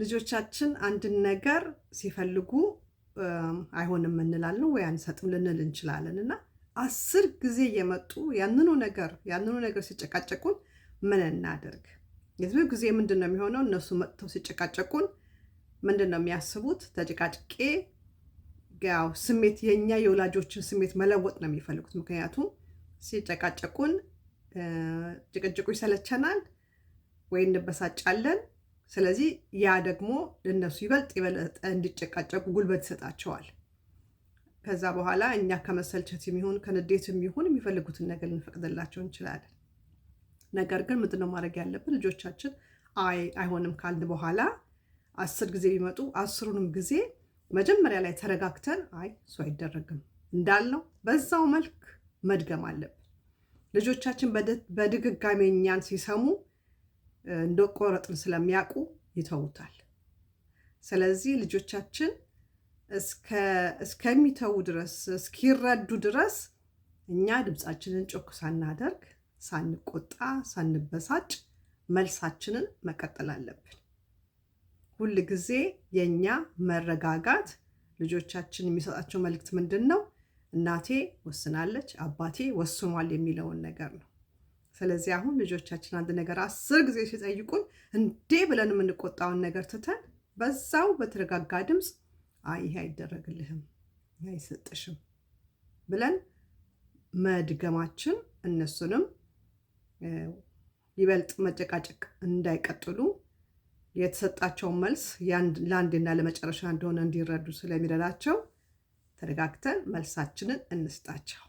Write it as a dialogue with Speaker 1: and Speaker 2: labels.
Speaker 1: ልጆቻችን አንድን ነገር ሲፈልጉ አይሆንም እንላለን ወይ አንሰጥም ልንል እንችላለን እና አስር ጊዜ የመጡ ያንኑ ነገር ያንኑ ነገር ሲጨቃጨቁን ምን እናደርግ? የዚህ ጊዜ ምንድን ነው የሚሆነው? እነሱ መጥተው ሲጨቃጨቁን ምንድን ነው የሚያስቡት? ተጨቃጭቄ ያው ስሜት የእኛ የወላጆችን ስሜት መለወጥ ነው የሚፈልጉት። ምክንያቱም ሲጨቃጨቁን ጭቅጭቁ ይሰለቸናል ወይ እንበሳጫለን ስለዚህ ያ ደግሞ ለነሱ ይበልጥ የበለጠ እንዲጨቃጨቁ ጉልበት ይሰጣቸዋል። ከዛ በኋላ እኛ ከመሰልቸት የሚሆን ከንዴት የሚሆን የሚፈልጉትን ነገር ልንፈቅድላቸው እንችላለን። ነገር ግን ምንድነው ማድረግ ያለብን? ልጆቻችን አይ አይሆንም ካልን በኋላ አስር ጊዜ ቢመጡ አስሩንም ጊዜ መጀመሪያ ላይ ተረጋግተን አይ እሱ አይደረግም እንዳልነው በዛው መልክ መድገም አለብን። ልጆቻችን በድግጋሜ እኛን ሲሰሙ እንደቆረጥን ስለሚያውቁ ይተውታል። ስለዚህ ልጆቻችን እስከሚተዉ ድረስ እስኪረዱ ድረስ እኛ ድምፃችንን ጮክ ሳናደርግ፣ ሳንቆጣ፣ ሳንበሳጭ መልሳችንን መቀጠል አለብን። ሁል ጊዜ የእኛ መረጋጋት ልጆቻችን የሚሰጣቸው መልእክት ምንድን ነው? እናቴ ወስናለች፣ አባቴ ወስኗል የሚለውን ነገር ነው። ስለዚህ አሁን ልጆቻችን አንድ ነገር አስር ጊዜ ሲጠይቁን እንዴ ብለን የምንቆጣውን ነገር ትተን በዛው በተረጋጋ ድምፅ አይ ይሄ አይደረግልህም፣ ይሄ አይሰጥሽም ብለን መድገማችን እነሱንም ይበልጥ መጨቃጨቅ እንዳይቀጥሉ የተሰጣቸውን መልስ ለአንዴና ለመጨረሻ እንደሆነ እንዲረዱ ስለሚረዳቸው ተረጋግተን መልሳችንን እንስጣቸው።